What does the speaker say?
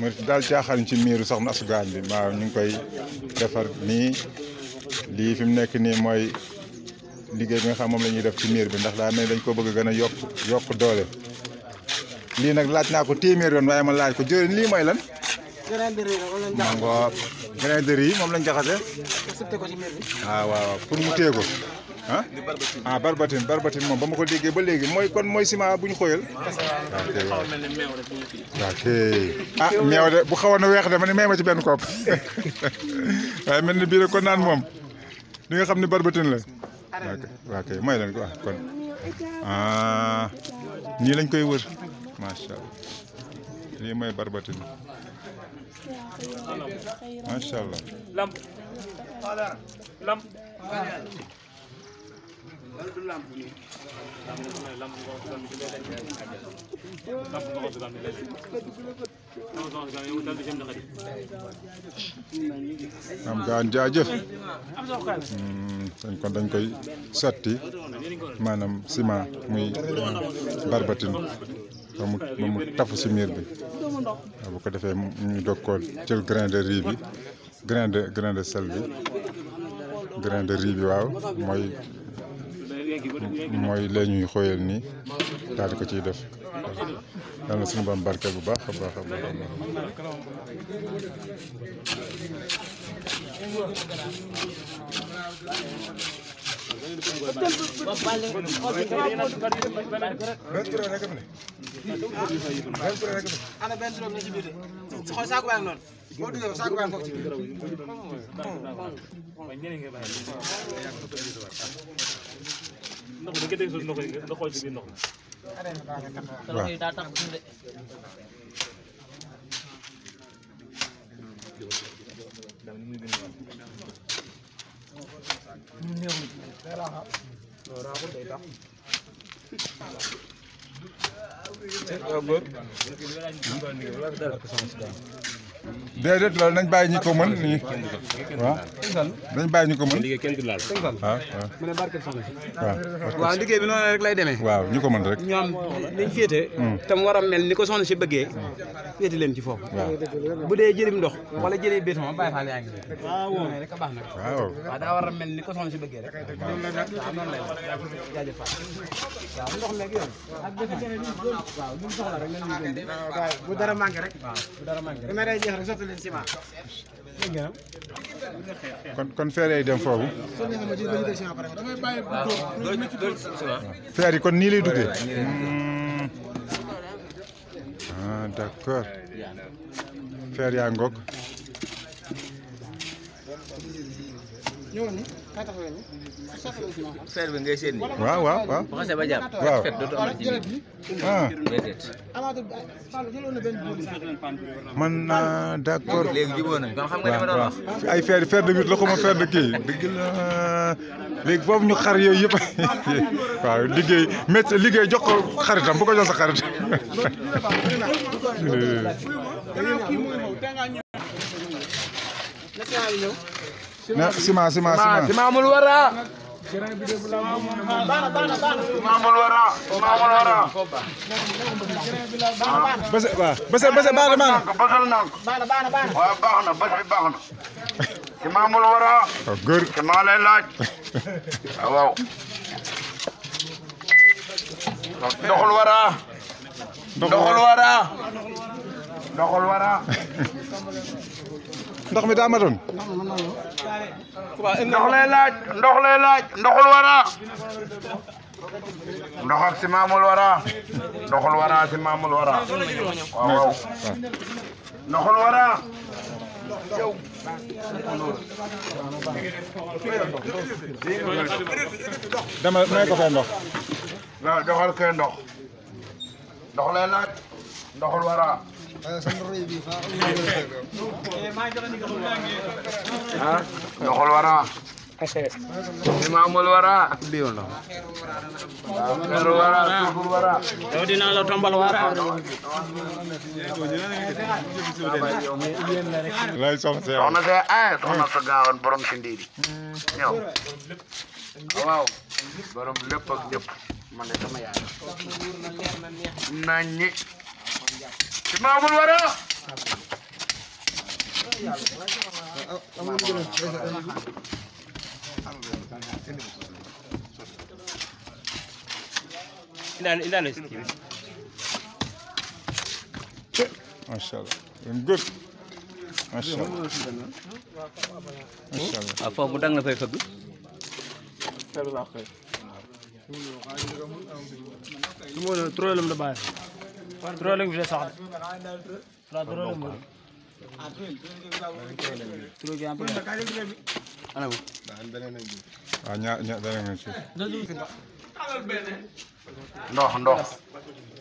mu daal caaxaan ci miiru soxna asugaan bi waaw ñu ngi koy defar nii lii fi mu nekk nii mooy liggéey bi xam moom la ñuy def ci miir bi ndax daa mel dañ ko bëgg gën a yokk yokk doole lii nag laaj naa ko téeméer yoon waaye ma laaj ko jëriñ lii mooy lan mango grain moom lañ jaxase ah, waaw waaw pour mu téye ko ah ah barbatine moom ba ma ko déggee ba léegi mooy kon mooy ciment bu ñu xóoyal ok ah meew de bu xawoon a weex de ma ne may ma ci benn kopp waaye mel ni biir kon naan moom li nga xam ne barbatine la waaw mooy leen ko ah kon nii lañ koy wër macha allah lii mooy barbatine macha allah loolu du lamb nii. Hmm, ko gaan jaajëf dañ kon dañ koy sotti maanaam ciment muy eh, barbatin ba mu ba tafu ci miir bi bu ko defee ñu doog ko jël grain de bi grain de grain de sel bi grain de bi waaw mooy mooy la ñuy xooyal nii daal ko ciy def yal na suñu bam barkeel bu baax a baax a baax ndox mi nga dégg suuf ndox mi nga xool ci biir ndox mi. waaw daa tax suuf de. waaw góor. déedéet loolu nañ bàyyi ñu ko mën nii waaw nañ bàyyi ñu ko mën waaw waaw waaw liggéey bi noonu rek lay demee waaw ñu ko mën rek ñoom niñ féete tam hmm. war a mel ni ko soxna si bëggee féete leen ci foofu bu dee jëlim ndox wala jëlee béton bàyyi faal yaa ngi rek a war a ni ko soxna si bëggee rek waaw noonu lay jaajëf faal waaw ndox meeg yoon ak béton waaw bu kon kon feer kon nii hmm. ah d'accord Ferry yaa ñëwoon ni ngay seen ni waaw ah. léegi jubóo nañ fer fer de huit la ko ma fer de kii dëgg la léegi foofu ñu xar yooyu yëpp liggéey métti liggéey jox ko xaritam bu ko jox sa xarit sima sima sima Imaamul Wara Imaamul Wara Imaamul Wara bese bese bese baana baana baana baana baana baana waaw baax na bés bi baax na Imaamul Wara góor maa lay laaj waaw doxul wara doxul wara doxul wara ndox mi daa matoon. ndox lay laaj ndox lay laaj ndoxul wara ndox ak si maamul wara ndoxul wara si maamul wara waaw waaw ndoxul wara dama may ko fay ndox waaw doxal kay ndox ndox leelaaj ndoxul wara eh, ndoxul wara imamul wara liyono xeru wara tugul wara yow dina la tombal wara lay soxna se soxna se ay soxna sa gaawan borom ci ndiiri ñëw waaw man de sama yaay nañ ci maamul wara ilaale ilaale mashallah I'm good mashallah mashallah afa mu dang na fay fëgg നിങ്ങൾ ത്രോയിലുണ്ട് ബായ ത്രോയിലും വിഷയ സാധനം ത്രോയിലും കൂടി throw camp അനോ ഞാൻ ഞാൻ ഞാൻ നdox ndox